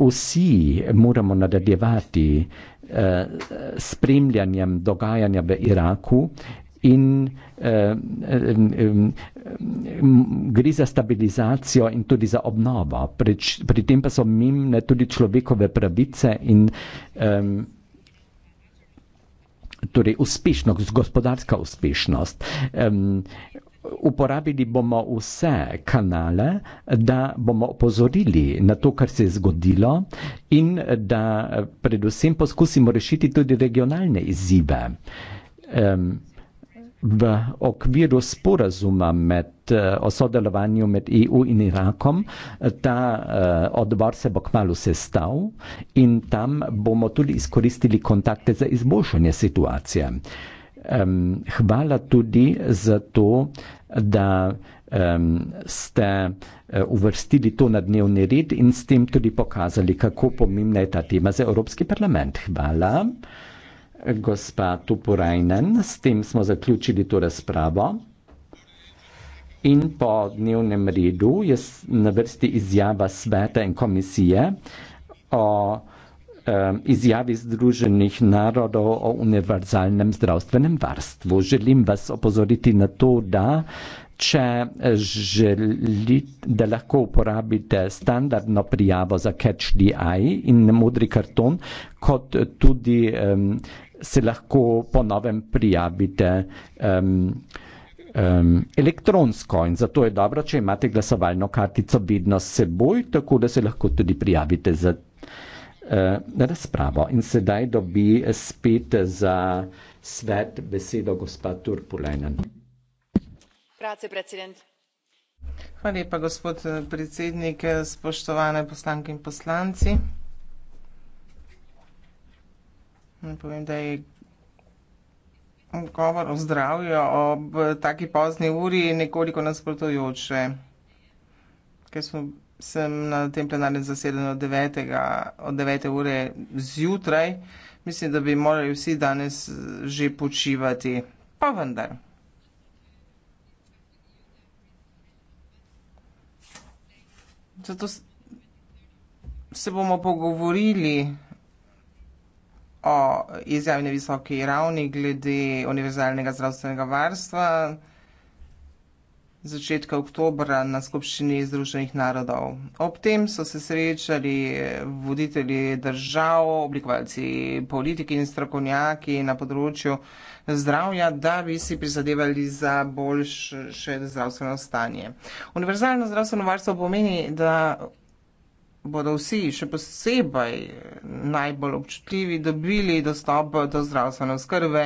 vsi moramo nadaljevati eh, s spremljanjem dogajanja v Iraku in eh, gre za stabilizacijo in tudi za obnovo. Pri tem pa so mimne tudi človekove pravice in torej uspešnost, gospodarska uspešnost uporabili bomo vse kanale, da bomo opozorili na to, kar se je zgodilo in da predvsem poskusimo rešiti tudi regionalne izzive. Um, V okviru sporazuma med, eh, o sodelovanju med EU in Irakom, eh, ta eh, odbor se bo kmalo sestav in tam bomo tudi izkoristili kontakte za izboljšanje situacije. Hvala tudi za to, da um, ste eh, uvrstili to na dnevni red in s tem tudi pokazali, kako pomembna je ta tema za Evropski parlament. Hvala, gospa Tupurajnen. S tem smo zaključili to razpravo. In po dnevnem redu je na vrsti izjava sveta in komisije o Um, izjavi Združenih narodov o univerzalnem zdravstvenem varstvu. Želim vas opozoriti na to, da če želite, da lahko uporabite standardno prijavo za catch the eye in modri karton, kot tudi um, se lahko po novem prijavite um, um, elektronsko in zato je dobro, če imate glasovalno kartico vidno s seboj, tako da se lahko tudi prijavite za. Eh, razpravo. In sedaj dobi spet za svet besedo gospa Turpulenen. Hvala lepa, gospod eh, predsednik, eh, spoštovane poslanke in poslanci. Povem, da je govor o zdravju ob taki pozni uri nekoliko nasprotujoče, ker smo sem na tem plenarnem zasedanju od 9. Od 9. ure zjutraj. Mislim, da bi morali vsi danes eh, že počivati, pa vendar. Zato se bomo pogovorili o izjavni visoki ravni glede univerzalnega zdravstvenega varstva začetka oktobra na skupščini Združenih narodov. Ob tem so se srečali voditelji držav, oblikovalci politiki in strokovnjaki na področju zdravja, da bi si prizadevali za boljše zdravstveno stanje. Univerzalno zdravstveno varstvo pomeni, da bodo vsi, še posebej najbolj občutljivi, dobili dostop do zdravstvene oskrbe,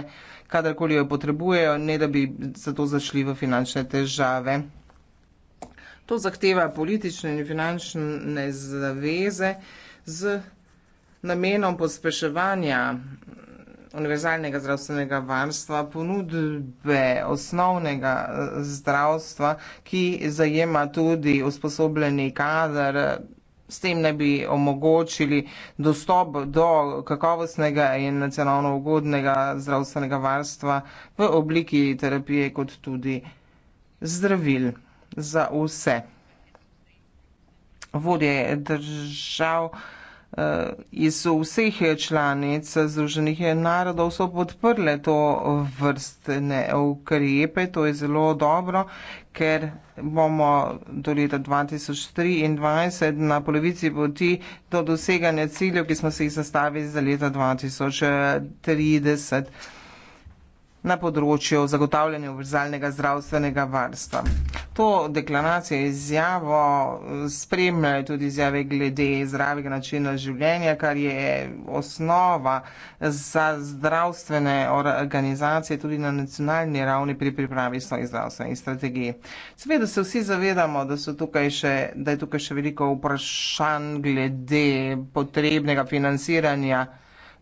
kadarkoli jo potrebujejo, ne da bi zato zašli v finančne težave. To zahteva politične in finančne zaveze z namenom pospeševanja univerzalnega zdravstvenega varstva, ponudbe osnovnega eh, zdravstva, ki zajema tudi usposobljeni kader, S tem naj bi omogočili dostop do kakovostnega in nacionalno ugodnega zdravstvenega varstva v obliki terapije kot tudi zdravil za vse. Vodje držav. Eh, iz vseh članic Združenih narodov so podprle to vrstne ukrepe. To je zelo dobro, ker bomo do leta 2023 na polovici poti do doseganja ciljev, ki smo se jih zastavili za leta 2030 na področju zagotavljanja univerzalnega zdravstvenega varstva. To deklaracijo izjavo spremljajo tudi izjave glede zdravega načina življenja, kar je osnova za zdravstvene organizacije tudi na nacionalni ravni pri pripravi svojih zdravstvenih strategij. Seveda se vsi zavedamo, da, še, da je tukaj še veliko vprašanj glede potrebnega financiranja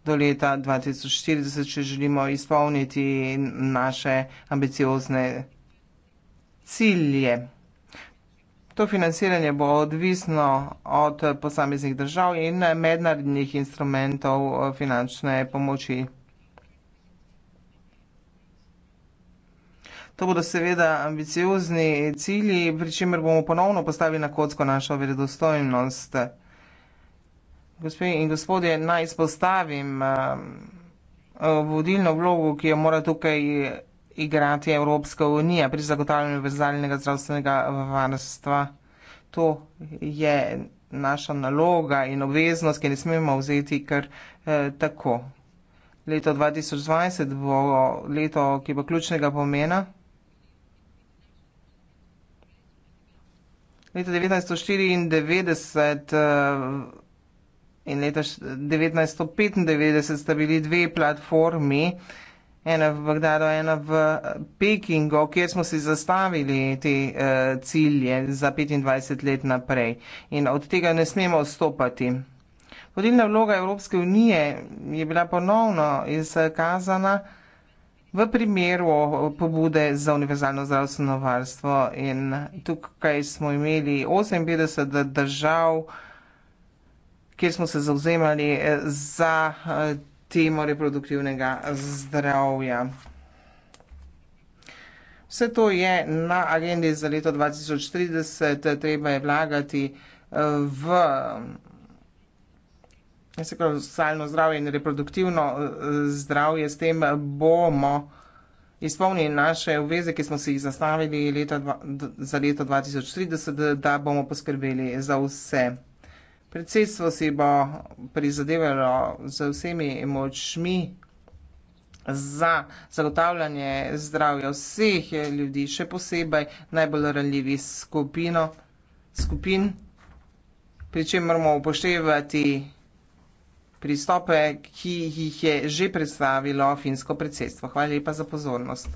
do leta 2040, če želimo izpolniti naše ambiciozne cilje. To financiranje bo odvisno od posameznih držav in mednarodnih instrumentov eh, finančne pomoči. To bodo seveda ambiciozni cilji, pri čemer bomo ponovno postavili na kocko našo verodostojnost. Gospe in gospodje, naj izpostavim um, vodilno vlogo, ki jo mora tukaj igrati Evropska unija pri zagotavljanju vezalnega zdravstvenega varstva. To je naša naloga in obveznost, ki ne smemo vzeti kar eh, tako. Leto 2020 bo leto, ki bo ključnega pomena. Leto 1994 in leta 1995 sta bili dve platformi, ena v Bagdadu, ena v eh, Pekingu, kjer smo si zastavili te uh, cilje za 25 let naprej in od tega ne smemo odstopati. Vodilna vloga Evropske unije je bila ponovno izkazana v primeru pobude za univerzalno zdravstveno varstvo in tukaj smo imeli 58 držav, kjer smo se zauzemali eh, za eh, temo reproduktivnega zdravja. Vse to je na agendi za leto 2030, eh, treba je vlagati v seksualno zdravje in reproduktivno zdravje. S tem bomo izpolnili naše obveze, ki smo si jih zastavili leta, za leto 2030, da bomo poskrbeli za vse. Predsedstvo si bo prizadevalo z vsemi močmi za zagotavljanje zdravja vseh ljudi, še posebej najbolj ranljivih skupin, pri čem moramo upoštevati pristope, ki jih je že predstavilo finsko predsedstvo. Hvala lepa za pozornost.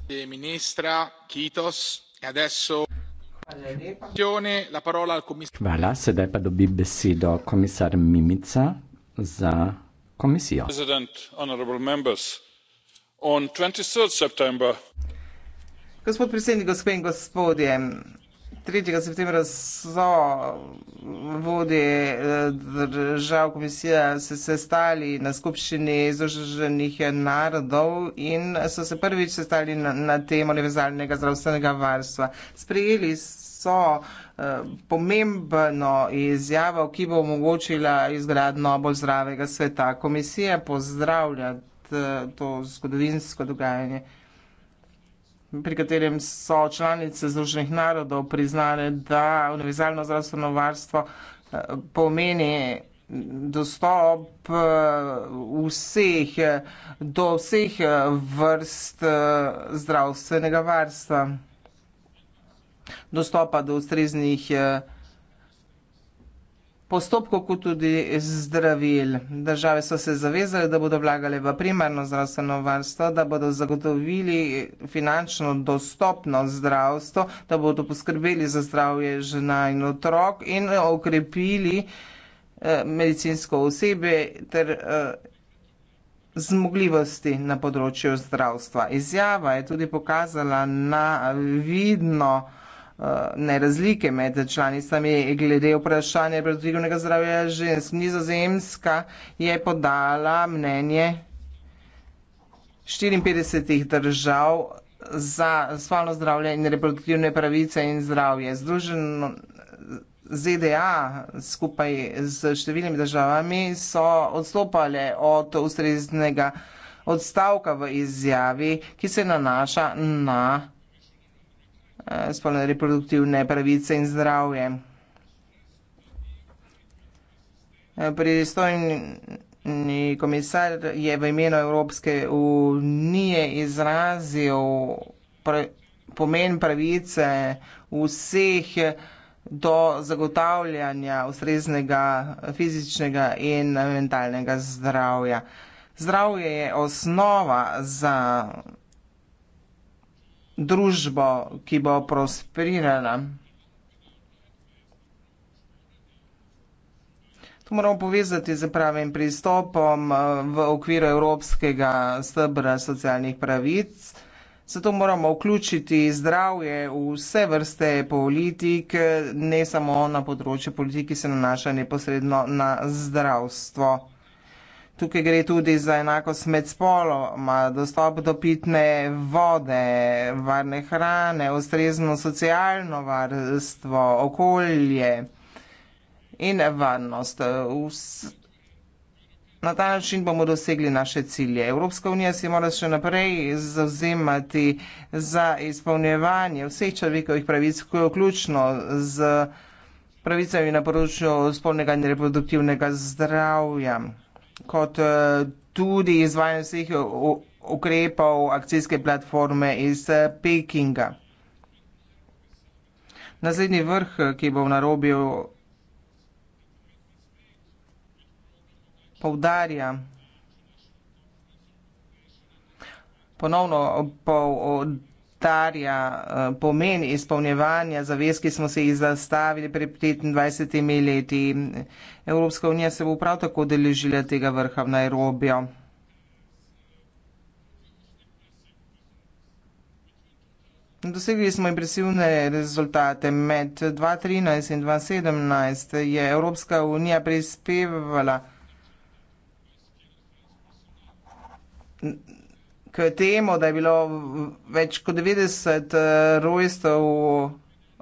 Hvala, sedaj pa dobi besedo komisar Mimica za komisijo. Gospod predsednik, gospe in gospodje, tretjega septembra so vodje eh, držav komisije se sestali na skupščini Združenih narodov in so se prvič sestali na, na temo univerzalnega zdravstvenega varstva. Sprejeli so eh, pomembno izjavo, ki bo omogočila izgradno bolj zdravega sveta. Komisija pozdravlja eh, to zgodovinsko dogajanje, pri katerem so članice Združenih narodov priznale, da univerzalno zdravstveno varstvo eh, pomeni dostop vseh, do vseh vrst zdravstvenega varstva dostopa do ustreznih eh, postopkov, kot tudi zdravil. Države so se zavezali, da bodo vlagali v primarno zdravstveno varstvo, da bodo zagotovili finančno dostopno zdravstvo, da bodo poskrbeli za zdravje žena in otrok in eh, okrepili eh, medicinsko osebe ter zmogljivosti na področju zdravstva. Izjava je tudi pokazala na vidno zdravstvo, Eh, ne razlike med članicami glede vprašanja reproduktivnega zdravja žensk. Nizozemska je podala mnenje 54 držav za spolno zdravje in reproduktivne pravice in zdravje. Združeno ZDA skupaj z številnimi državami so odstopale od ustreznega odstavka v izjavi, ki se nanaša na Eh, spolne reproduktivne pravice in zdravje. Eh, pristojni komisar je v imenu Evropske unije izrazil pomen pravice vseh do zagotavljanja ustreznega fizičnega in mentalnega zdravja. Zdravje je osnova za družbo, ki bo prosperirala. To moramo povezati z pravim pristopom eh, v okviru Evropskega stebra socialnih pravic. Zato moramo vključiti zdravje v vse vrste politik, ne samo na področju politik, ki se nanaša neposredno na zdravstvo. Tukaj gre tudi za enakost med spoloma, dostop do pitne vode, varne hrane, ustrezno socialno varstvo, okolje in varnost. Na ta način bomo dosegli naše cilje. Evropska unija si mora še naprej zauzemati za izpolnjevanje vseh človekovih pravic, ko je vključno z pravicami na področju spolnega in reproduktivnega zdravja kot eh, tudi izvajanje vseh eh, ukrepov akcijske platforme iz eh, Pekinga. Naslednji vrh, ki bo narobil, povdarja ponovno povdarja pomen izpolnjevanja zavez, ki smo se jih zastavili pred 25 leti. Evropska unija se bo prav tako deležila tega vrha v Nairobijo. Dosegli smo impresivne rezultate. Med 2013 in 2017 je Evropska unija prispevala k temu, da je bilo več kot 90 rojstev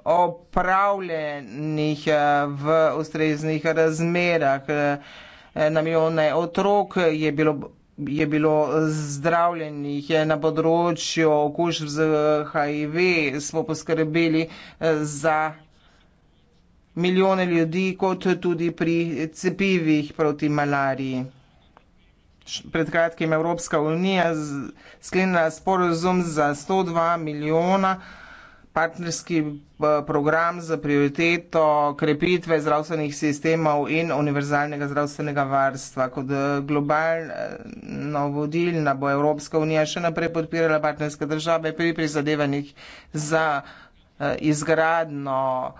opravljenih eh, v ustreznih razmerah. Eh, na milijone otrok je bilo, je bilo zdravljenih eh, na področju okužb z HIV, smo poskrbeli za milijone ljudi, kot tudi pri cepivih proti malariji. Pred kratkim Evropska unija sklenila sporozum za 102 milijona ljudi partnerski eh, program za prioriteto krepitve zdravstvenih sistemov in univerzalnega zdravstvenega varstva. Kot eh, globalno vodilna bo Evropska unija še naprej podpirala partnerske države pri prizadevanjih za eh, izgradno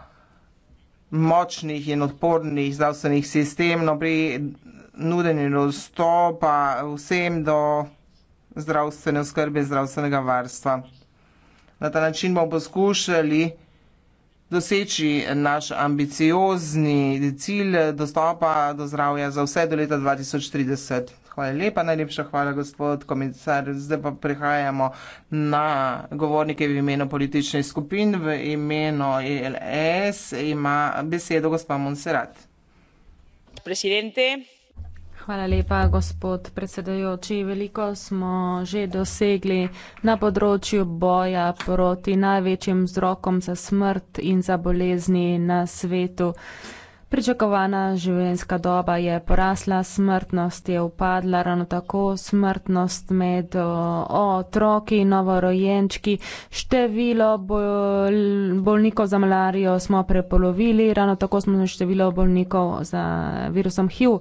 močnih in odpornih zdravstvenih sistemov pri nudenju dostopa vsem do zdravstvene oskrbe, zdravstvenega varstva. Na ta način bomo poskušali doseči naš ambiciozni cilj dostopa do zdravja za vse do leta 2030. Hvala lepa, najlepša hvala, gospod komisar. Zdaj pa prihajamo na govornike v imenu političnih skupin, v imenu ELS ima besedo gospa Monserrat. Presidente, Hvala lepa, gospod predsedajoči. Veliko smo že dosegli na področju boja proti največjim vzrokom za smrt in za bolezni na svetu. Pričakovana življenjska doba je porasla, smrtnost je upadla, ravno tako smrtnost med otroki, novorojenčki, število bolnikov za malarijo smo prepolovili, ravno tako smo število bolnikov za virusom HIV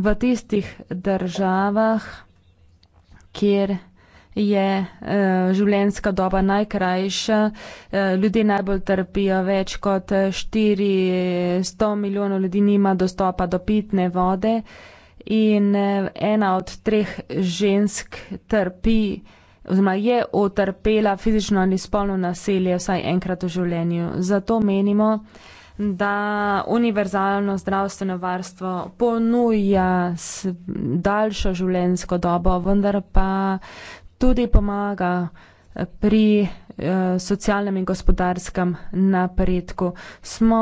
v tistih državah, kjer je eh, življenjska doba najkrajša, eh, ljudje najbolj trpijo, več kot 400 eh, milijonov ljudi nima dostopa do pitne vode in ena od treh žensk trpi oziroma je otrpela fizično ali spolno nasilje vsaj enkrat v življenju. Zato menimo, da univerzalno zdravstveno varstvo ponuja daljšo življenjsko dobo, vendar pa tudi pomaga eh, pri eh, socialnem in gospodarskem napredku. Smo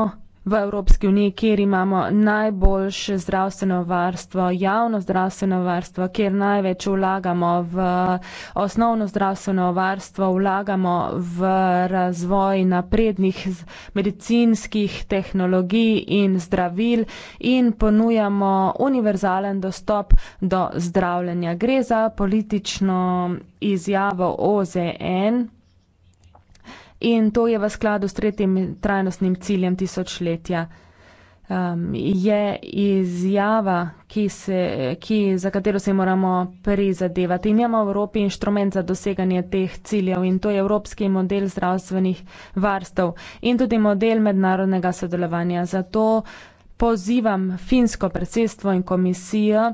v Evropski uniji, kjer imamo najboljše zdravstveno varstvo, javno zdravstveno varstvo, kjer največ vlagamo v osnovno zdravstveno varstvo, vlagamo v razvoj naprednih medicinskih tehnologij in zdravil in ponujamo univerzalen dostop do zdravljenja. Gre za politično izjavo OZN, in to je v skladu s tretjim trajnostnim ciljem tisočletja. Um, je izjava, ki se, ki, za katero se moramo prizadevati. In imamo v Evropi inštrument za doseganje teh ciljev in to je Evropski model zdravstvenih varstv in tudi model mednarodnega sodelovanja. Zato pozivam finsko predsedstvo in komisijo,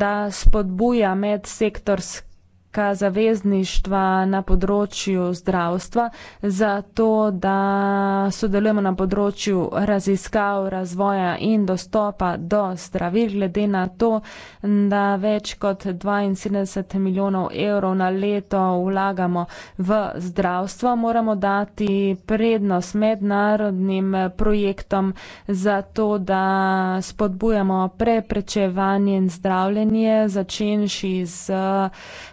da spodbuja medsektorske vidika zavezništva na področju zdravstva, zato da sodelujemo na področju raziskav, razvoja in dostopa do zdravil, glede na to, da več kot 72 milijonov evrov na leto vlagamo v zdravstvo, moramo dati prednost mednarodnim projektom za to, da spodbujamo preprečevanje in zdravljenje, začenši z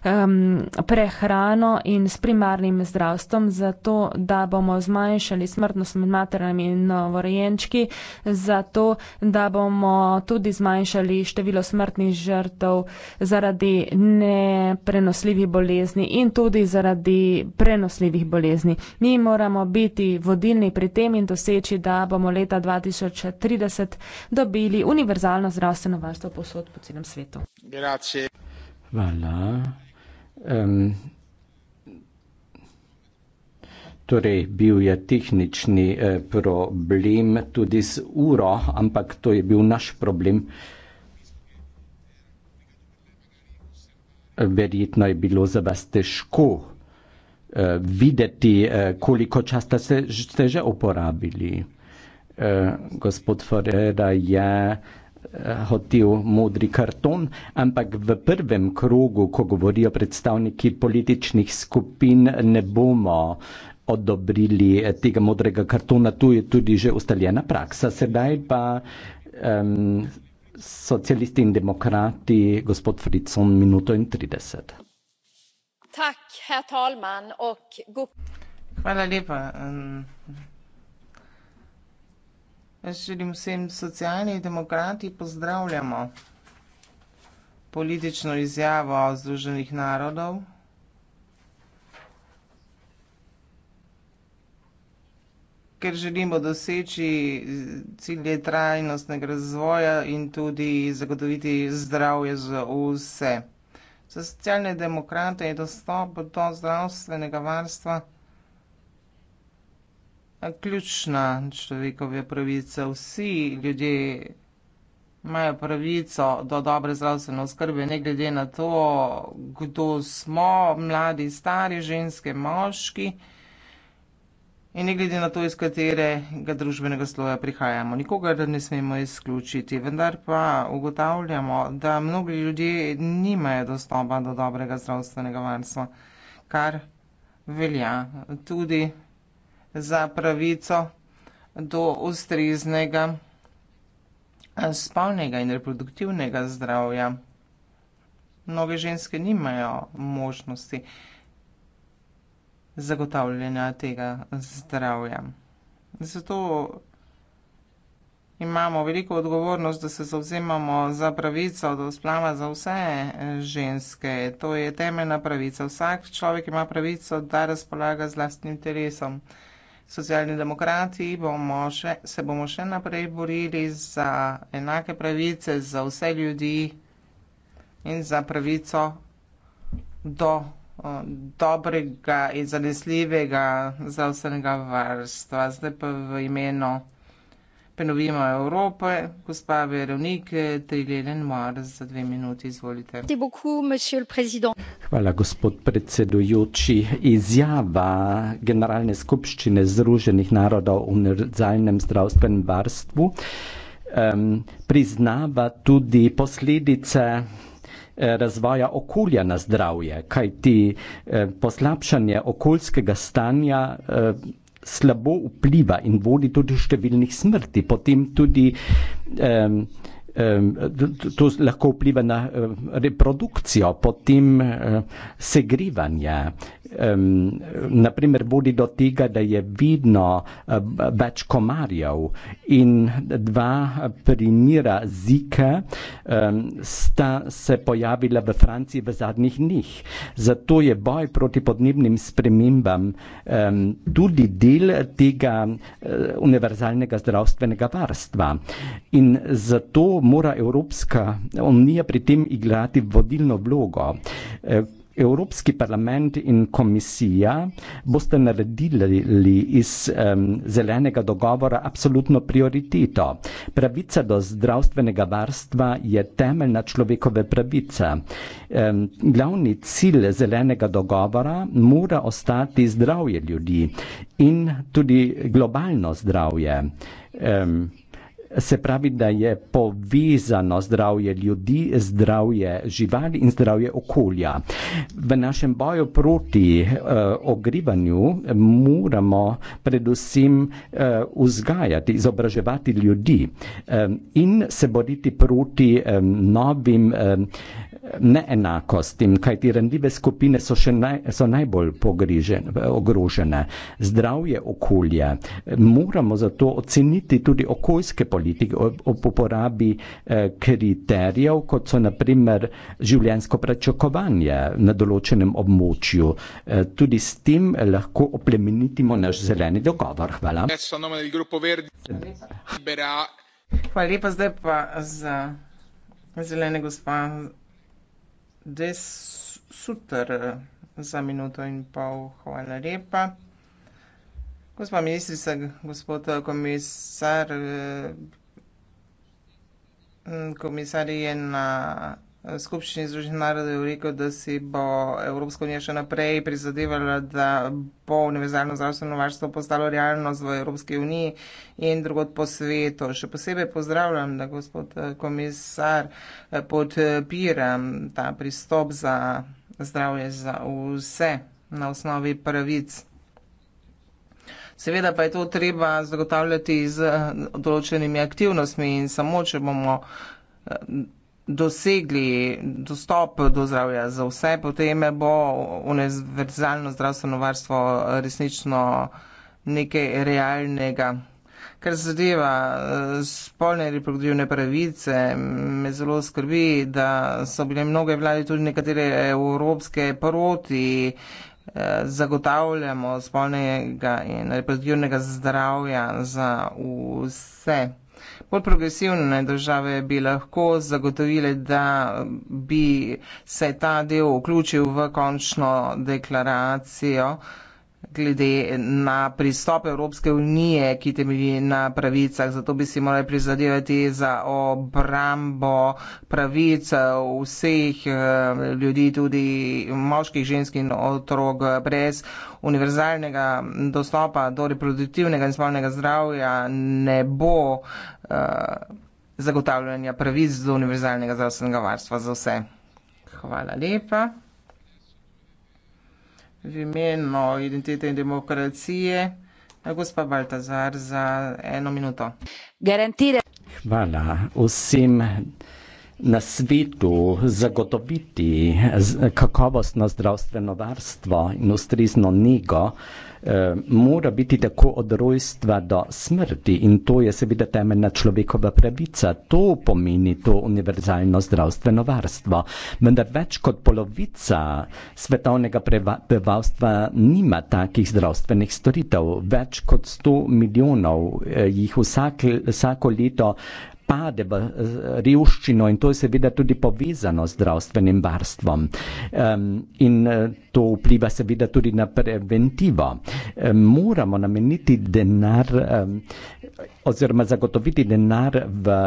eh, um, prehrano in s primarnim zdravstvom, zato da bomo zmanjšali smrtnost med materami in novorojenčki, zato da bomo tudi zmanjšali število smrtnih žrtev zaradi neprenosljivih bolezni in tudi zaradi prenosljivih bolezni. Mi moramo biti vodilni pri tem in doseči, da bomo leta 2030 dobili univerzalno zdravstveno varstvo posod po celem svetu. Grazie. Voilà. Um, Torej, bil je tehnični eh, problem tudi z uro, ampak to je bil naš problem. Verjetno je bilo za vas težko eh, videti, eh, koliko časa ste že uporabili. Eh, gospod Ferrera je eh, Eh, hotel modri karton, ampak v prvem krogu, ko govorijo predstavniki političnih skupin, ne bomo odobrili eh, tega modrega kartona. Tu je tudi že ustaljena praksa. Sedaj pa um, socialisti in demokrati, gospod Fricon, minuto in 30. Tak, herr Talman, ok. Hvala lepa. Um... Želim vsem socialni demokrati pozdravljamo politično izjavo Združenih narodov. Ker želimo doseči cilje trajnostnega razvoja in tudi zagotoviti zdravje za vse. Za socialne demokrate je dostop do zdravstvenega varstva ključna človekova pravica. Vsi ljudje imajo pravico do dobre zdravstvene oskrbe, ne glede na to, kdo smo, mladi, stari, ženske, moški. In ne glede na to, iz katerega družbenega sloja prihajamo, nikogar ne smemo izključiti. Vendar pa ugotavljamo, da mnogi ljudje nimajo dostopa do dobrega zdravstvenega varstva, kar velja tudi za pravico do ustreznega eh, spolnega in reproduktivnega zdravja. Mnoge ženske nimajo možnosti zagotavljanja tega zdravja. Zato imamo veliko odgovornost, da se zauzemamo za pravico do splava za vse eh, ženske. To je temeljna pravica. Vsak človek ima pravico, da razpolaga z lastnim telesom. Socialni demokrati bomo še, se bomo še naprej borili za enake pravice za vse ljudi in za pravico do eh, dobrega in zanesljivega zdravstvenega varstva. Zdaj pa v imenu. Prenovimo Evrope, gospa Veronike, Trilelen Mar za dve minuti, izvolite. Hvala, gospod predsedujoči. Izjava Generalne skupščine Združenih narodov o univerzalnem zdravstvenem varstvu um, priznava tudi posledice eh, razvoja okolja na zdravje, kajti eh, poslabšanje okoljskega stanja eh, slabo vpliva in vodi tudi do številnih smrti, potem tudi um, um, to lahko vpliva na eh, reprodukcijo, potem uh, eh, segrivanje, uh, um, naprimer, budi do tega, da je vidno uh, več komarjev in dva eh, primira zika um, sta se pojavila v Franciji v zadnjih dneh. Zato je boj proti podnebnim spremembam um, tudi del tega uh, univerzalnega zdravstvenega varstva. In zato mora Evropska unija pri tem igrati vodilno vlogo. Uh, Evropski parlament in komisija boste naredili iz um, zelenega dogovora absolutno prioriteto. Pravica do zdravstvenega varstva je temeljna človekove pravica. Um, glavni cilj zelenega dogovora mora ostati zdravje ljudi in tudi globalno zdravje. Um, se pravi, da je povezano zdravje ljudi, zdravje živali in zdravje okolja. V našem boju proti uh, ogrivanju moramo predvsem uh, vzgajati, izobraževati ljudi um, in se boriti proti um, novim um, neenakostim, kajti rendive skupine so, naj, so najbolj ogrožene. Zdravje okolja moramo zato oceniti tudi okoljske potrebe politik, ob uporabi eh, kriterijev, kot so naprimer življensko prečakovanje na določenem območju. Eh, tudi s tem lahko oplemenitimo naš zeleni dogovor. Hvala. Hvala lepa zdaj pa za zelene gospa Des Suter eh, za minuto in pol. Hvala lepa. Gospa ministrica, gospod eh, komisar, eh, komisar je na eh, skupščini Združenih narodov rekel, da si bo Evropska unija še naprej prizadevala, da bo univerzalno zdravstveno varstvo postalo realnost v Evropski uniji in drugod po svetu. Še posebej pozdravljam, da gospod komisar podpira ta pristop za zdravje za vse na osnovi pravic. Seveda pa je to treba zagotavljati z eh, določenimi aktivnostmi in samo, če bomo eh, dosegli dostop do zdravja za vse, potem bo univerzalno zdravstveno varstvo resnično nekaj realnega. Kar zadeva eh, spolne reproduktivne pravice, me zelo skrbi, da so bile mnoge vlade, tudi nekatere evropske proti zagotavljamo spolnega in reproduktivnega zdravja za vse. Bolj progresivne države bi lahko zagotovile, da bi se ta del vključil v končno deklaracijo glede na pristop Evropske unije, ki temelji na pravicah. Zato bi si morali prizadevati za obrambo pravic vseh eh, ljudi, tudi moških, žensk in otrok, brez univerzalnega dostopa do reproduktivnega in spolnega zdravja ne bo eh, zagotavljanja pravic do univerzalnega zdravstvenega varstva za vse. Hvala lepa v imenu identitete in demokracije, gospa Baltazar, za eno minuto. Garantire. Hvala vsem na svetu zagotoviti kakovostno zdravstveno varstvo in ustrezno njego. Eh, mora biti tako od rojstva do smrti in to je seveda temeljna človekova pravica. To pomeni to univerzalno zdravstveno varstvo. Vendar več kot polovica svetovnega prebivalstva nima takih zdravstvenih storitev. Več kot 100 milijonov eh, jih vsak, vsako leto pade v revščino in to je seveda tudi povezano z zdravstvenim varstvom. Um, in e, to vpliva seveda tudi na preventivo. Um, moramo nameniti denar um, oziroma zagotoviti denar v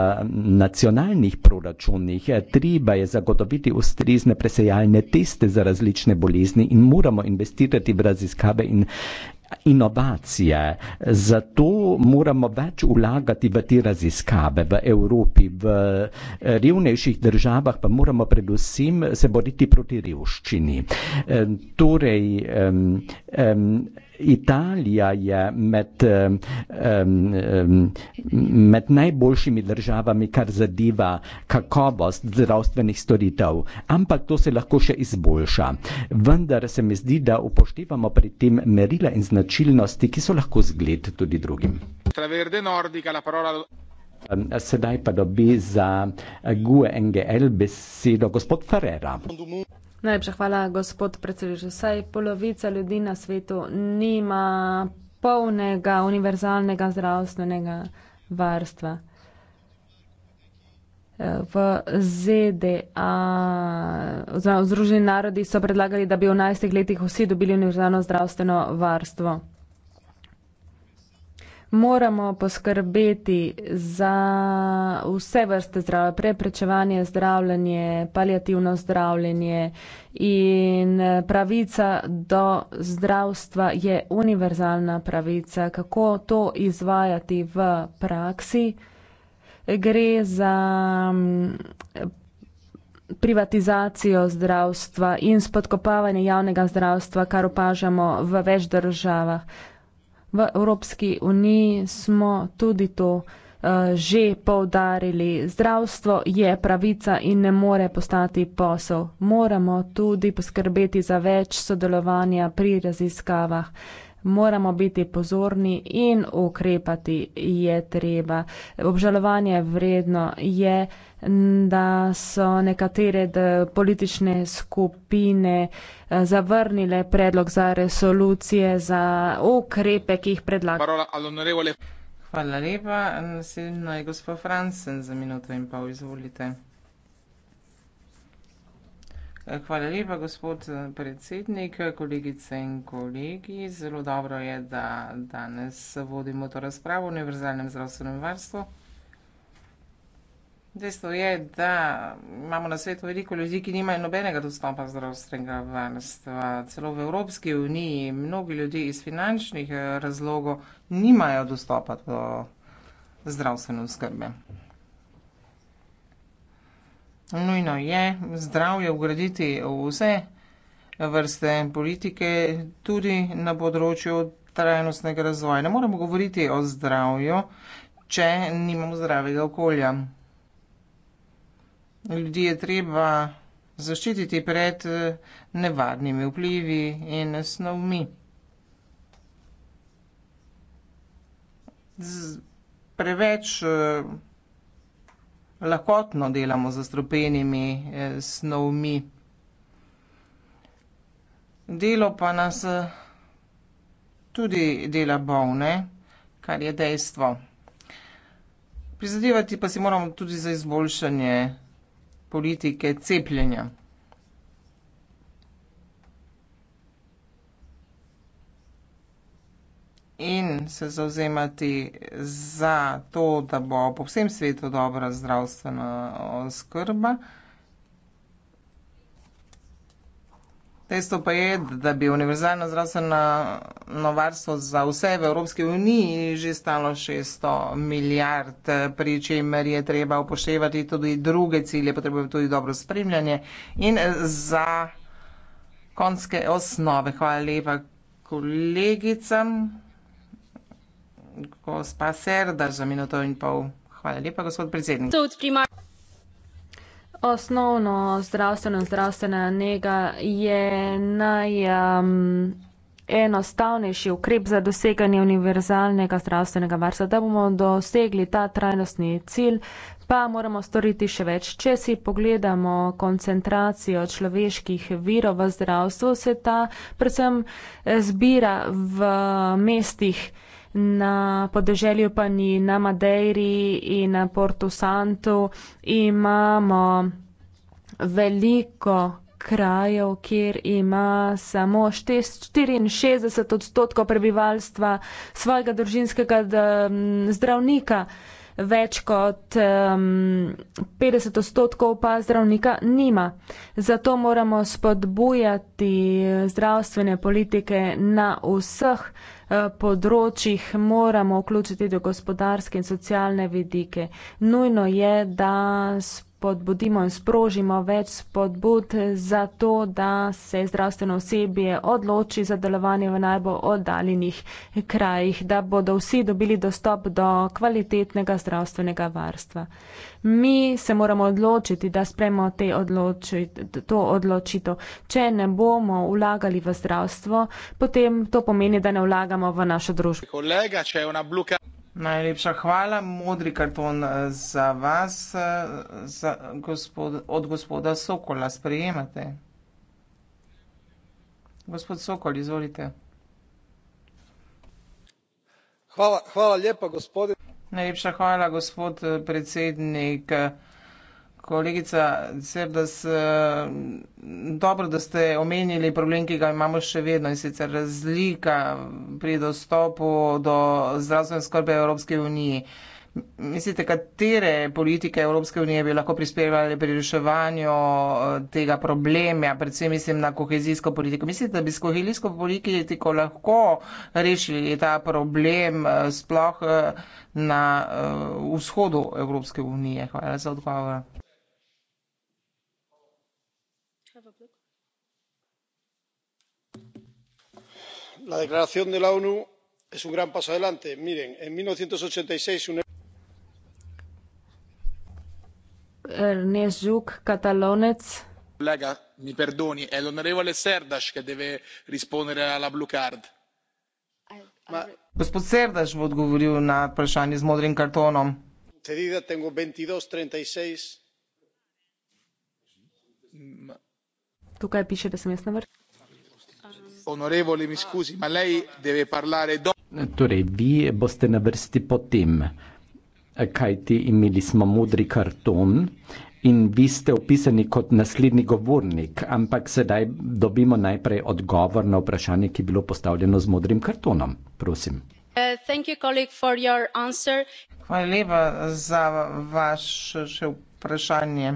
nacionalnih proračunih. E, treba je zagotoviti ustrezne presejalne teste za različne bolezni in moramo investirati v raziskave in inovacije, zato moramo več vlagati v te raziskave v Evropi, v eh, revnejših državah pa moramo predvsem se boriti proti revščini. Eh, torej, um, um, Italija je med, um, um, med najboljšimi državami, kar zadeva kakovost zdravstvenih storitev, ampak to se lahko še izboljša. Vendar se mi zdi, da upoštevamo pri tem merila in značilnosti, ki so lahko zgled tudi drugim. Sedaj pa dobi za GUE NGL besedo gospod Ferrera. Najlepša hvala, gospod predsedujoči. Vsaj polovica ljudi na svetu nima polnega univerzalnega zdravstvenega varstva. V ZDA, oziroma v Združenih narodih so predlagali, da bi v 11 letih vsi dobili univerzalno zdravstveno varstvo moramo poskrbeti za vse vrste zdravja, preprečevanje, zdravljenje, paljativno zdravljenje in pravica do zdravstva je univerzalna pravica. Kako to izvajati v praksi? Gre za mm, privatizacijo zdravstva in spodkopavanje javnega zdravstva, kar opažamo v več državah. V Evropski uniji smo tudi to uh, že povdarili. Zdravstvo je pravica in ne more postati posel. Moramo tudi poskrbeti za več sodelovanja pri raziskavah moramo biti pozorni in ukrepati je treba. Obžalovanje vredno je, da so nekatere politične skupine eh, zavrnile predlog za resolucije, za ukrepe, ki jih predlagajo. Hvala lepa. Naslednja je gospod Fransen za minuto in pol. Izvolite. Hvala lepa, gospod eh, predsednik, kolegice in kolegi. Zelo dobro je, da danes vodimo to razpravo o univerzalnem zdravstvenem varstvu. Dejstvo je, da imamo na svetu veliko ljudi, ki nimajo nobenega dostopa zdravstvenega varstva. Celo v Evropski uniji mnogi ljudje iz finančnih eh, razlogov nimajo dostopa do zdravstvene oskrbe. Nujno je zdravje ugraditi v vse vrste politike, tudi na področju trajnostnega razvoja. Ne moremo govoriti o zdravju, če nimamo zdravega okolja. Ljudje je treba zaščititi pred nevarnimi vplivi in snovmi. Z preveč uh, lahkotno delamo z astropenimi eh, snovmi. Delo pa nas eh, tudi dela bolne, kar je dejstvo. Prizadevati pa si moramo tudi za izboljšanje politike cepljenja. in se zauzemati za to, da bo po vsem svetu dobra zdravstvena oskrba. Testo pa je, da bi univerzalno zdravstveno varstvo za vse v Evropski uniji že stalo 600 milijard, pri čemer je treba upoštevati tudi druge cilje, potrebno je tudi dobro spremljanje in za konske osnove. Hvala lepa kolegicam gospa Serda za minuto in pol. Hvala lepa, gospod predsednik. Osnovno zdravstveno in zdravstvena nega je naj. Um, enostavnejši ukrep za doseganje univerzalnega zdravstvenega varstva. Da bomo dosegli ta trajnostni cilj, pa moramo storiti še več. Če si pogledamo koncentracijo človeških virov v zdravstvu, se ta predvsem eh, zbira v mestih na podeželju pa ni na Madeiri in na Porto Santo. Imamo veliko krajev, kjer ima samo 64 odstotkov prebivalstva svojega družinskega zdravnika. Več kot um, 50 odstotkov pa zdravnika nima. Zato moramo spodbujati zdravstvene politike na vseh Eh, področjih moramo vključiti tudi gospodarske in socialne vidike. Nujno je, da spodbudimo in sprožimo več spodbud za to, da se zdravstveno osebje odloči za delovanje v najbolj oddaljenih krajih, da bodo vsi dobili dostop do kvalitetnega zdravstvenega varstva. Mi se moramo odločiti, da spremo te odločit, to odločitev. Če ne bomo vlagali v zdravstvo, potem to pomeni, da ne vlagamo v našo družbo. Najlepša hvala. Modri karton eh, za vas eh, za gospod, od gospoda Sokola. Sprejemate. Gospod Sokol, izvolite. Hvala, hvala lijepa, gospodin. Najlepša hvala, gospod eh, predsednik. Kolegica Serdas, eh, dobro, da ste omenili problem, ki ga imamo še vedno in sicer razlika pri dostopu do zdravstvene skrbe Evropske unije. Mislite, katere politike Evropske unije bi lahko prispevali pri reševanju eh, tega problema, predvsem mislim na kohezijsko politiko? Mislite, da bi s kohezijsko politiko lahko rešili ta problem eh, sploh na vzhodu Evropske unije? Hvala za odgovor. la declaración de las naciones unidas es un gran paso adelante. miren en mil novecientos ochenta y seis un estado catalán nombrado cedida tengo veintidós treinta y seis Onorevole, mi scusi, ma lei deve parlare dopo. Torej, vi boste na vrsti potem, kajti imeli smo modri karton in vi ste opisani kot naslednji govornik, ampak sedaj dobimo najprej odgovor na vprašanje, ki je bilo postavljeno z modrim kartonom. Prosim. Uh, you, colleague, Hvala lepa za vaše vprašanje.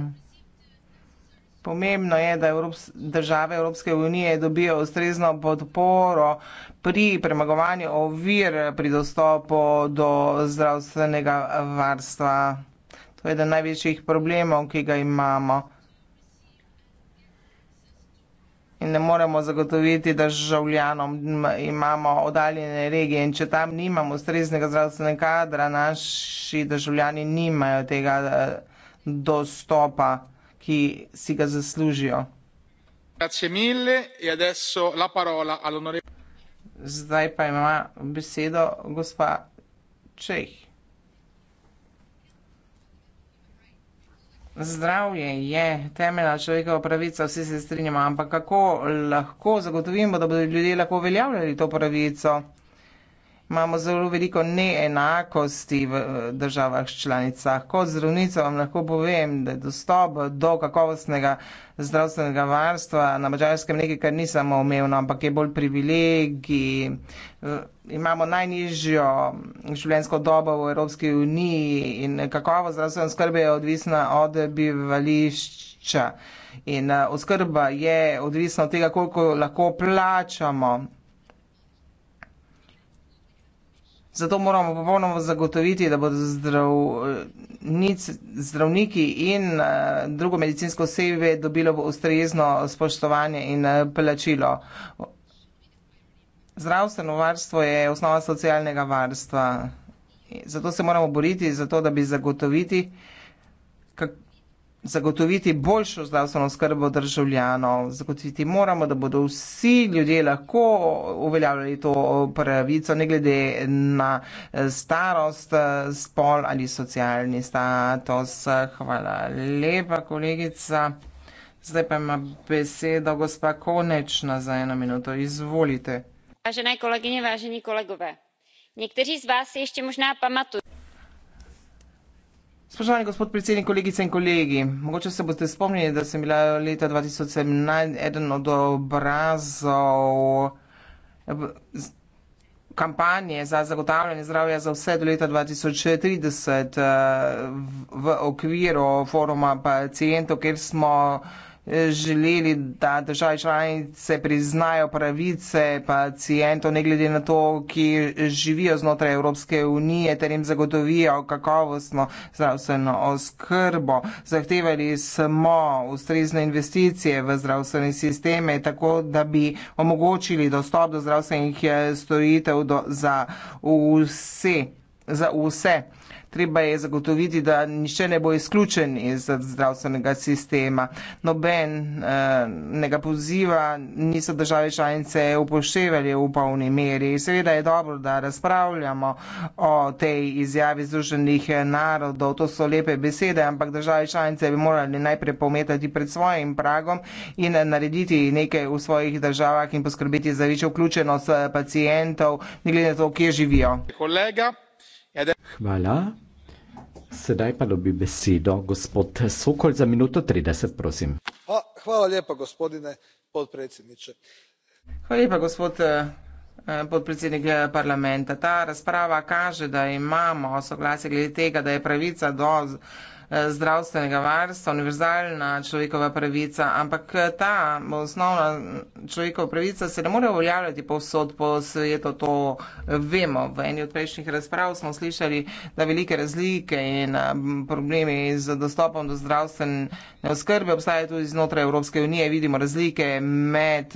Pomembno je, da Evrops države Evropske unije dobijo ustrezno podporo pri premagovanju ovir pri dostopu do zdravstvenega varstva. To je eden največjih problemov, ki ga imamo. In ne moremo zagotoviti, da državljanom imamo oddaljene regije in če tam nimamo ustreznega zdravstvenega kadra, naši državljani nimajo tega eh, dostopa ki si ga zaslužijo. E Zdaj pa ima besedo gospa Čeh. Zdravje je temeljna človekova pravica, vsi se strinjamo, ampak kako lahko zagotovimo, da bodo ljudje lahko uveljavljali to pravico? imamo zelo veliko neenakosti v eh, državah članicah. Kot zdravnica vam lahko povem, da je dostop do kakovostnega zdravstvenega varstva na mačarskem nekaj, kar ni samo umevno, ampak je bolj privilegij. Eh, imamo najnižjo življenjsko dobo v Evropski uniji in kakovost zdravstvene skrbe je odvisna od bivališča. In eh, oskrba je odvisna od tega, koliko lahko plačamo. Zato moramo popolnoma zagotoviti, da bodo zdrav, nic, zdravniki in uh, drugo medicinsko osebe dobilo ustrezno spoštovanje in uh, plačilo. Zdravstveno varstvo je osnova socialnega varstva. Zato se moramo boriti, zato da bi zagotoviti zagotoviti boljšo zdravstveno skrbo državljanov, zagotoviti moramo, da bodo vsi ljudje lahko uveljavljali to pravico, ne glede na eh, starost, eh, spol ali socialni status. Hvala lepa, kolegica. Zdaj pa ima besedo gospa Konečna za eno minuto. Izvolite. Vážené kolegyne, vážení kolegové, někteří z vás si ještě možná pamatujú. Spoštovani gospod predsednik, kolegice in kolegi, mogoče se boste spomnili, da sem bila leta 2017 eden od obrazov kampanje za zagotavljanje zdravja za vse do leta 2030 v okviru foruma pacijentov, kjer smo želeli, da države članice priznajo pravice pacijentov, ne glede na to, ki živijo znotraj Evropske unije, ter jim zagotovijo kakovostno zdravstveno oskrbo. Zahtevali smo ustrezne investicije v zdravstvene sisteme, tako da bi omogočili dostop do zdravstvenih storitev do, za vse. Za vse treba je zagotoviti, da nišče ne bo izključen iz zdravstvenega sistema. Noben eh, nega poziva niso države članice upoštevali v polni meri. Seveda je dobro, da razpravljamo o tej izjavi Združenih narodov. To so lepe besede, ampak države članice bi morali najprej pometati pred svojim pragom in narediti nekaj v svojih državah in poskrbeti za večjo vključenost eh, pacijentov, ne glede na to, kje živijo. Hvala. Sedaj pa dobi besedo gospod Sokol za minuto 30, prosim. Pa, hvala lepa, gospodine podpredsedniče. Hvala lepa, gospod eh, podpredsednik eh, parlamenta. Ta razprava kaže, da imamo soglasje glede tega, da je pravica do zdravstvenega varstva, univerzalna človekova pravica, ampak ta osnovna človekova pravica se ne more uveljavljati povsod po svetu, to vemo. V eni od prejšnjih razprav smo slišali, da velike razlike in problemi z dostopom do zdravstvene oskrbe obstajajo tudi znotraj Evropske unije. Vidimo razlike med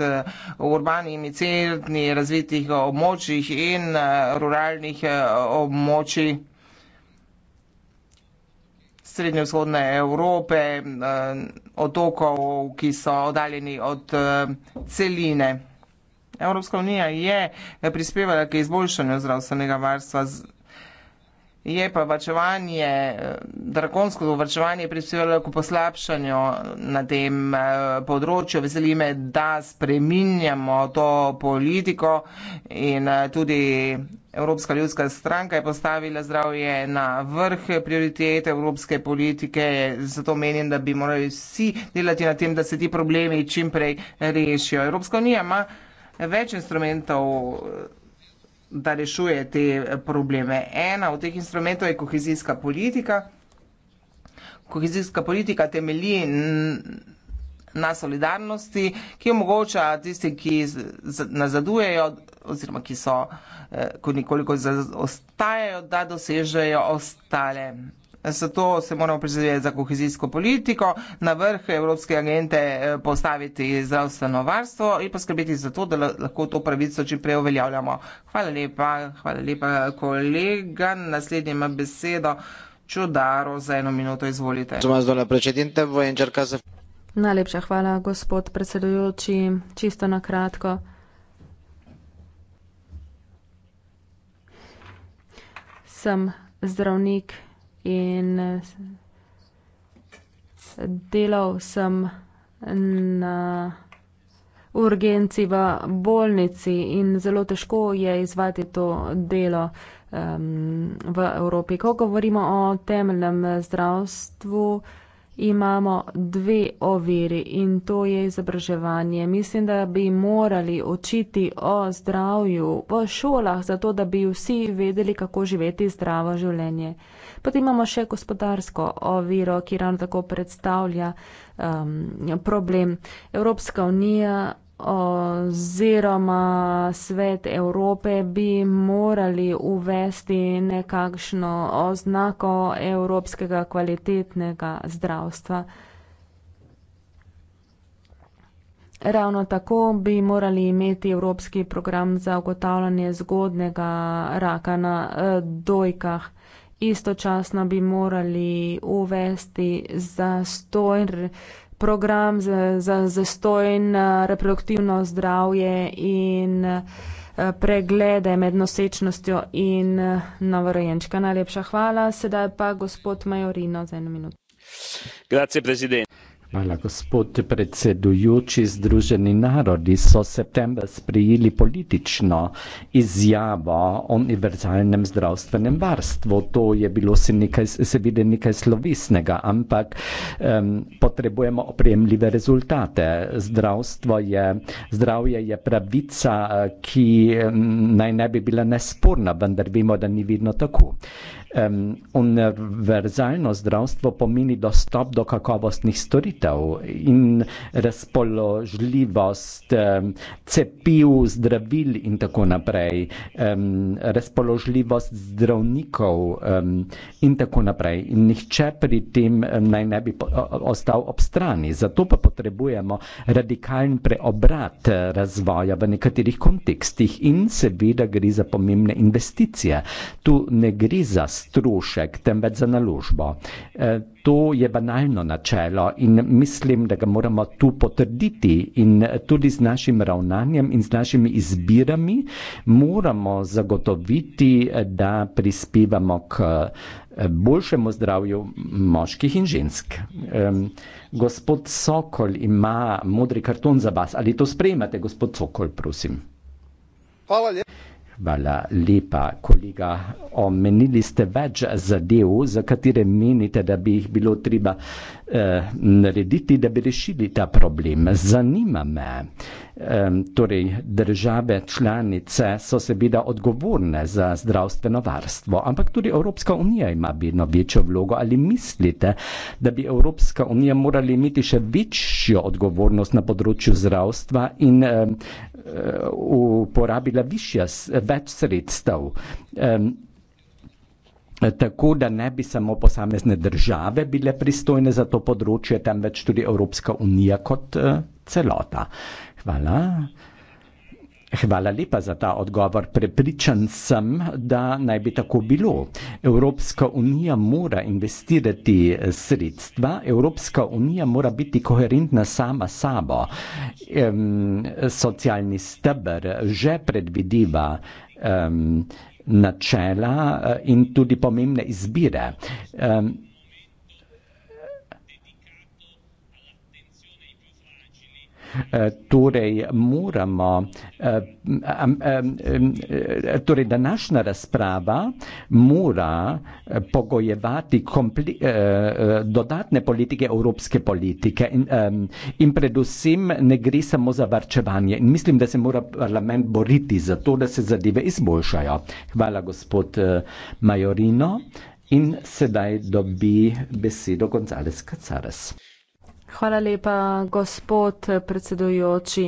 urbanimi celtni razvitih območjih in ruralnih območji srednjevzhodne Evrope, eh, otokov, ki so oddaljeni od eh, celine. Evropska unija je prispevala k izboljšanju zdravstvenega varstva je pa vrčevanje, eh, drakonsko vrčevanje prispevalo k poslabšanju na tem eh, področju. Veseli me, da spreminjamo to politiko in eh, tudi Evropska ljudska stranka je postavila zdravje na vrh prioritete evropske politike, zato menim, da bi morali vsi delati na tem, da se ti problemi čimprej rešijo. Evropska unija ima več instrumentov da rešuje te probleme. Ena od teh instrumentov je kohezijska politika. Kohezijska politika temelji na solidarnosti, ki omogoča tisti, ki nazadujejo oziroma ki so, eh, ko nekoliko zaostajajo, da dosežejo ostale. Zato se moramo prizadevati za kohezijsko politiko, na vrh evropske agente eh, postaviti zdravstveno varstvo in poskrbeti za to, da lahko to pravico čim prej uveljavljamo. Hvala lepa, hvala lepa kolega. Naslednji ima besedo. Čudaro, za eno minuto izvolite. Najlepša hvala, gospod predsedujoči. Čisto na kratko. Sem zdravnik in delal sem na urgenci v bolnici in zelo težko je izvati to delo um, v Evropi. Ko govorimo o temeljnem zdravstvu, imamo dve oviri in to je izobraževanje. Mislim, da bi morali učiti o zdravju v šolah, zato da bi vsi vedeli, kako živeti zdravo življenje. Potem imamo še gospodarsko oviro, ki ravno tako predstavlja um, problem. Evropska unija oziroma svet Evrope bi morali uvesti nekakšno oznako evropskega kvalitetnega zdravstva. Ravno tako bi morali imeti evropski program za ugotavljanje zgodnega raka na eh, dojkah. Istočasno bi morali uvesti zastor program za, za zastojno reproduktivno zdravje in eh, preglede med nosečnostjo in eh, novorojenčka. Najlepša hvala. Sedaj pa gospod Majorino za eno minuto. Grazie, predsednik. Hvala, gospod predsedujoči. Združeni narodi so v septembru sprejeli politično izjavo o univerzalnem zdravstvenem varstvu. To je bilo seveda nekaj slovesnega, ampak um, potrebujemo opremljive rezultate. Je, zdravje je pravica, ki um, naj ne bi bila nesporna, vendar vemo, da ni vedno tako um, univerzalno zdravstvo pomeni dostop do kakovostnih storitev in razpoložljivost um, cepiv, zdravil in tako naprej, um, razpoložljivost zdravnikov um, in tako naprej. In nihče pri tem naj ne bi ostal ob strani. Zato pa potrebujemo radikalen preobrat eh, razvoja v nekaterih kontekstih in seveda gre za pomembne investicije. Tu ne gre za strošek, temveč za naložbo. E, to je banalno načelo in mislim, da ga moramo tu potrditi in tudi z našim ravnanjem in z našimi izbirami moramo zagotoviti, da prispevamo k e, boljšemu zdravju moških in žensk. E, gospod Sokol ima modri karton za vas. Ali to sprejmete, gospod Sokol, prosim? Hvala lepa. Hvala lepa, kolega. Omenili ste več zadev, za katere menite, da bi jih bilo treba eh, narediti, da bi rešili ta problem. Zanima me, eh, torej države članice so seveda odgovorne za zdravstveno varstvo, ampak tudi Evropska unija ima vedno večjo vlogo. Ali mislite, da bi Evropska unija morala imeti še večjo odgovornost na področju zdravstva in eh, Eh, uporabila višja, več sredstev. Tako, da ne bi samo posamezne države bile pristojne za to področje, temveč tudi Evropska unija kot eh, celota. Hvala. Hvala lepa za ta odgovor. Prepričan sem, da naj bi tako bilo. Evropska unija mora investirati sredstva, Evropska unija mora biti koherentna sama sabo. Ehm, socialni stebr že predvidiva ehm, načela eh, in tudi pomembne izbire. Ehm, Eh, torej moramo, eh, eh, torej današnja razprava mora pogojevati kompli, dodatne politike, evropske politike in, in predvsem ne gre samo za varčevanje. In mislim, da se mora parlament boriti za to, da se zadeve izboljšajo. Hvala, gospod Majorino. In sedaj dobi besedo Gonzales Kacares. Hvala lepa, gospod predsedujoči.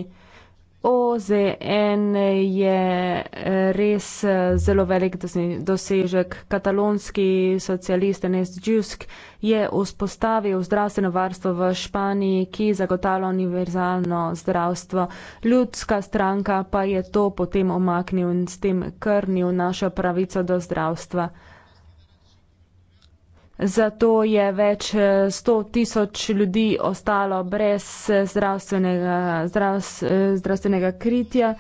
OZN je res zelo velik dosežek. Katalonski socialist Ernest Džusk je vzpostavil zdravstveno varstvo v Španiji, ki zagotavlja univerzalno zdravstvo. Ljudska stranka pa je to potem omaknil in s tem krnil našo pravico do zdravstva zato je več 100 eh, tisoč ljudi ostalo brez eh, zdravstvenega, zdravs, eh, zdravstvenega kritja.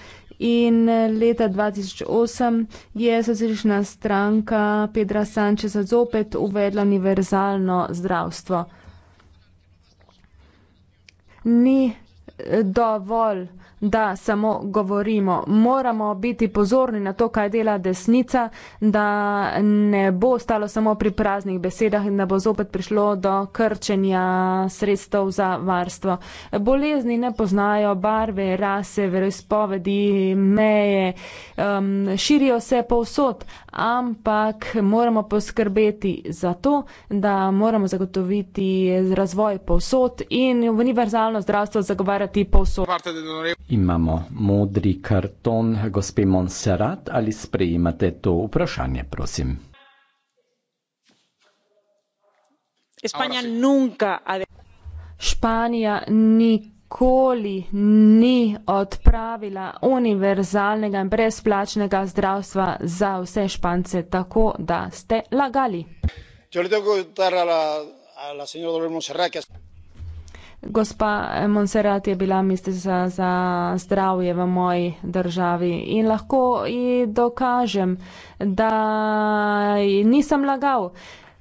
In leta 2008 je socialistična stranka Pedra Sančeza zopet uvedla univerzalno zdravstvo. Ni dovolj, da samo govorimo. Moramo biti pozorni na to, kaj dela desnica, da ne bo ostalo samo pri praznih besedah in da bo zopet prišlo do krčenja sredstev za varstvo. Bolezni ne poznajo barve, rase, verespovedi, meje, um, širijo se povsod, ampak moramo poskrbeti za to, da moramo zagotoviti razvoj povsod in univerzalno zdravstvo zagovarjati ogovarjati povsod. Imamo modri karton, gospe Monserrat, ali sprejimate to vprašanje, prosim? Španija, nunca, ali... Španija nikoli ni odpravila univerzalnega in brezplačnega zdravstva za vse Špance, tako da ste lagali. Gospa Monserrat je bila ministrica za zdravje v moji državi in lahko ji dokažem, da nisem lagal.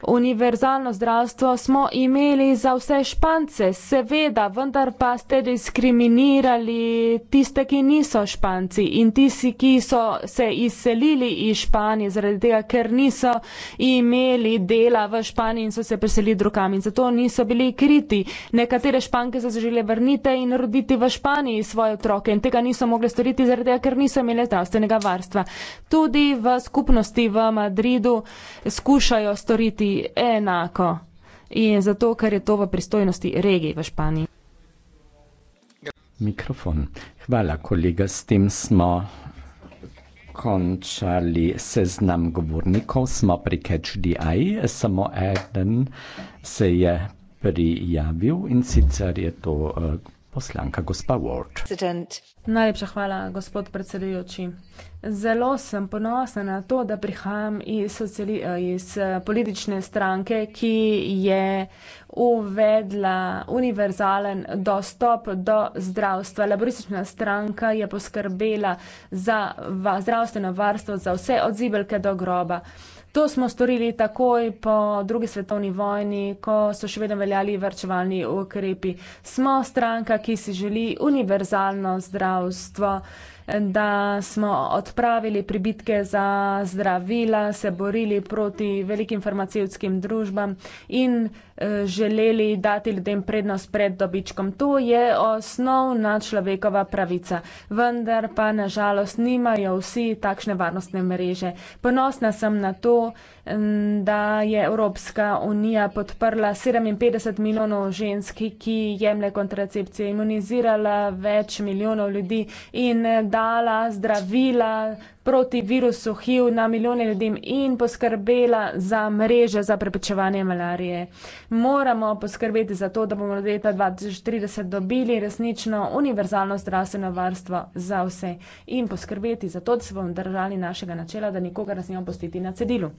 Univerzalno zdravstvo smo imeli za vse špance, seveda, vendar pa ste diskriminirali tiste, ki niso španci in tisti, ki so se izselili iz Španije zaradi tega, ker niso imeli dela v Španiji in so se preselili drugam in zato niso bili kriti. Nekatere španke so se želeli vrniti in roditi v Španiji svoje otroke in tega niso mogli storiti zaradi tega, ker niso imeli zdravstvenega varstva. Tudi v skupnosti v Madridu skušajo storiti enako. In zato, ker je to v pristojnosti regij v Španiji. Mikrofon. Hvala, kolega. S tem smo končali seznam govornikov, smo pri CatchDI, samo eden se je prijavil in sicer je to. Uh, poslanka gospa Ward. Najlepša hvala, gospod predsedujoči. Zelo sem ponosna na to, da prihajam iz, sociali, iz eh, politične stranke, ki je uvedla univerzalen dostop do zdravstva. Laboristična stranka je poskrbela za va, zdravstveno varstvo za vse od zibelke do groba. To smo storili takoj po drugi svetovni vojni, ko so še vedno veljali vrčevalni ukrepi. Smo stranka, ki si želi univerzalno zdravstvo da smo odpravili pribitke za zdravila, se borili proti velikim farmacevskim družbam in eh, želeli dati ljudem prednost pred dobičkom. To je osnovna človekova pravica, vendar pa nažalost nimajo vsi takšne varnostne mreže. Ponosna sem na to, da je Evropska unija podprla 57 milijonov ženski, ki jemle kontracepcije, imunizirala več milijonov ljudi in da eh, materiala, zdravila, proti virusu HIV na milijone ljudi in poskrbela za mreže za preprečevanje malarije. Moramo poskrbeti za to, da bomo do leta 2030 dobili resnično univerzalno zdravstveno varstvo za vse in poskrbeti za to, da se bomo držali našega načela, da nikogar ne smemo postiti na cedilu.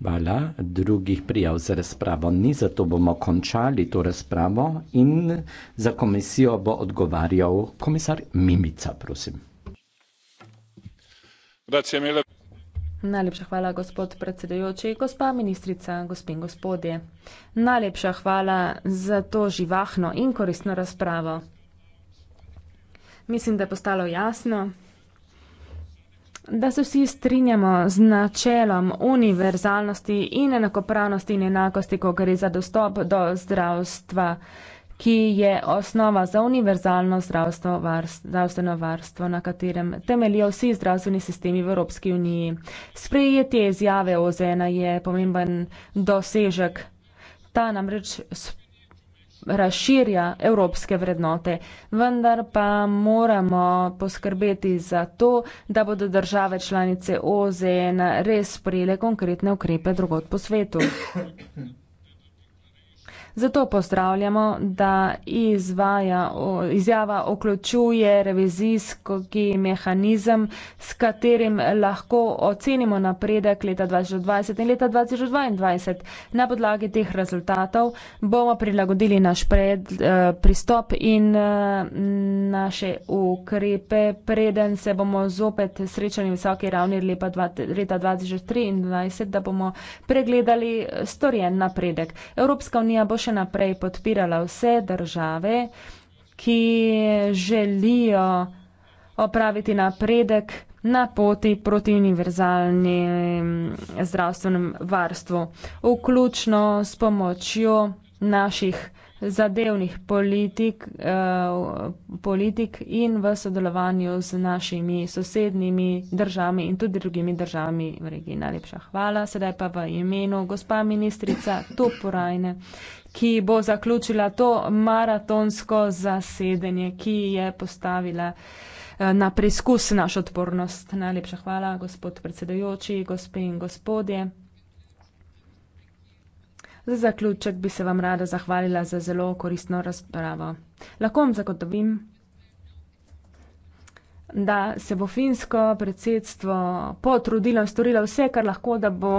Hvala, drugih prijav za razpravo ni, zato bomo končali to razpravo in za komisijo bo odgovarjal komisar Mimica, prosim. Najlepša hvala, gospod predsedujoči, gospa ministrica, gospin gospodje. Najlepša hvala za to živahno in koristno razpravo. Mislim, da je postalo jasno, da se vsi strinjamo z načelom univerzalnosti in enakopravnosti in enakosti, ko gre za dostop do zdravstva ki je osnova za univerzalno varstvo, zdravstveno varstvo, na katerem temelijo vsi zdravstveni sistemi v Evropski uniji. Sprejetje izjave OZN je pomemben dosežek. Ta namreč razširja evropske vrednote, vendar pa moramo poskrbeti za to, da bodo države članice OZN res sprejele konkretne ukrepe drugot po svetu. Zato pozdravljamo, da izvaja, izjava oključuje revizijski mehanizem, s katerim lahko ocenimo napredek leta 2020 in leta 2022. Na podlagi teh rezultatov bomo prilagodili naš pred, eh, pristop in eh, naše ukrepe, preden se bomo zopet srečali v visoki ravni leta 2023, da bomo pregledali storjen napredek. Evropska unija bo še naprej podpirala vse države, ki želijo opraviti napredek na poti proti univerzalnim mm, zdravstvenem varstvu, vključno s pomočjo naših zadevnih politik, eh, politik in v sodelovanju z našimi sosednjimi državami in tudi drugimi državami v regiji. Najlepša hvala. Sedaj pa v imenu gospa ministrica Toporajne, ki bo zaključila to maratonsko zasedenje, ki je postavila eh, na preizkus naš odpornost. Najlepša hvala, gospod predsedajoči, gospe in gospodje. Za zaključek bi se vam rada zahvalila za zelo koristno razpravo. Lahko vam zagotovim, da se bo finsko predsedstvo potrudilo in storilo vse, kar lahko, da bo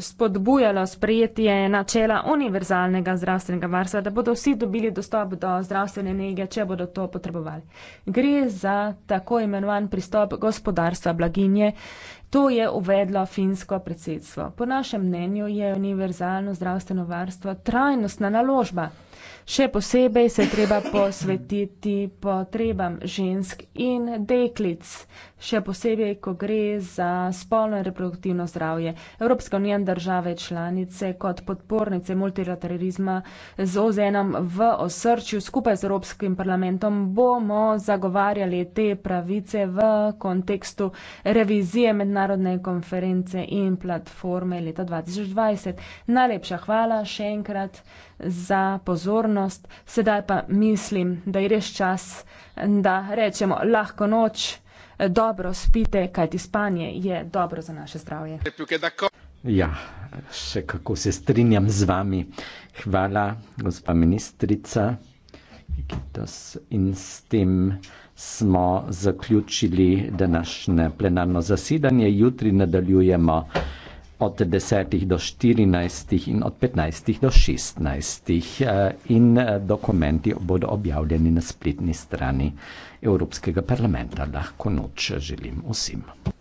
spodbujalo sprejetje načela univerzalnega zdravstvenega varstva, da bodo vsi dobili dostop do zdravstvene nege, če bodo to potrebovali. Gre za tako imenovan pristop gospodarstva blaginje, To je uvedlo finsko predsedstvo. Po našem mnenju je univerzalno zdravstveno varstvo trajnostna naložba. Še posebej se treba posvetiti potrebam žensk in deklic, še posebej, ko gre za spolno in reproduktivno zdravje. Evropska unija in države članice kot podpornice multilaterizma z ozenom v osrčju skupaj z Evropskim parlamentom bomo zagovarjali te pravice v kontekstu revizije mednarodnega mednarodne konference in platforme leta 2020. Najlepša hvala še enkrat za pozornost. Sedaj pa mislim, da je res čas, da rečemo lahko noč, dobro spite, kajti spanje je dobro za naše zdravje. Ja, še kako se strinjam z vami. Hvala, gospa ministrica. In s tem smo zaključili današnje plenarno zasedanje. Jutri nadaljujemo od 10. do 14. in od 15. do 16. Eh, in eh, dokumenti bodo objavljeni na spletni strani Evropskega parlamenta. Lahko noč želim vsem.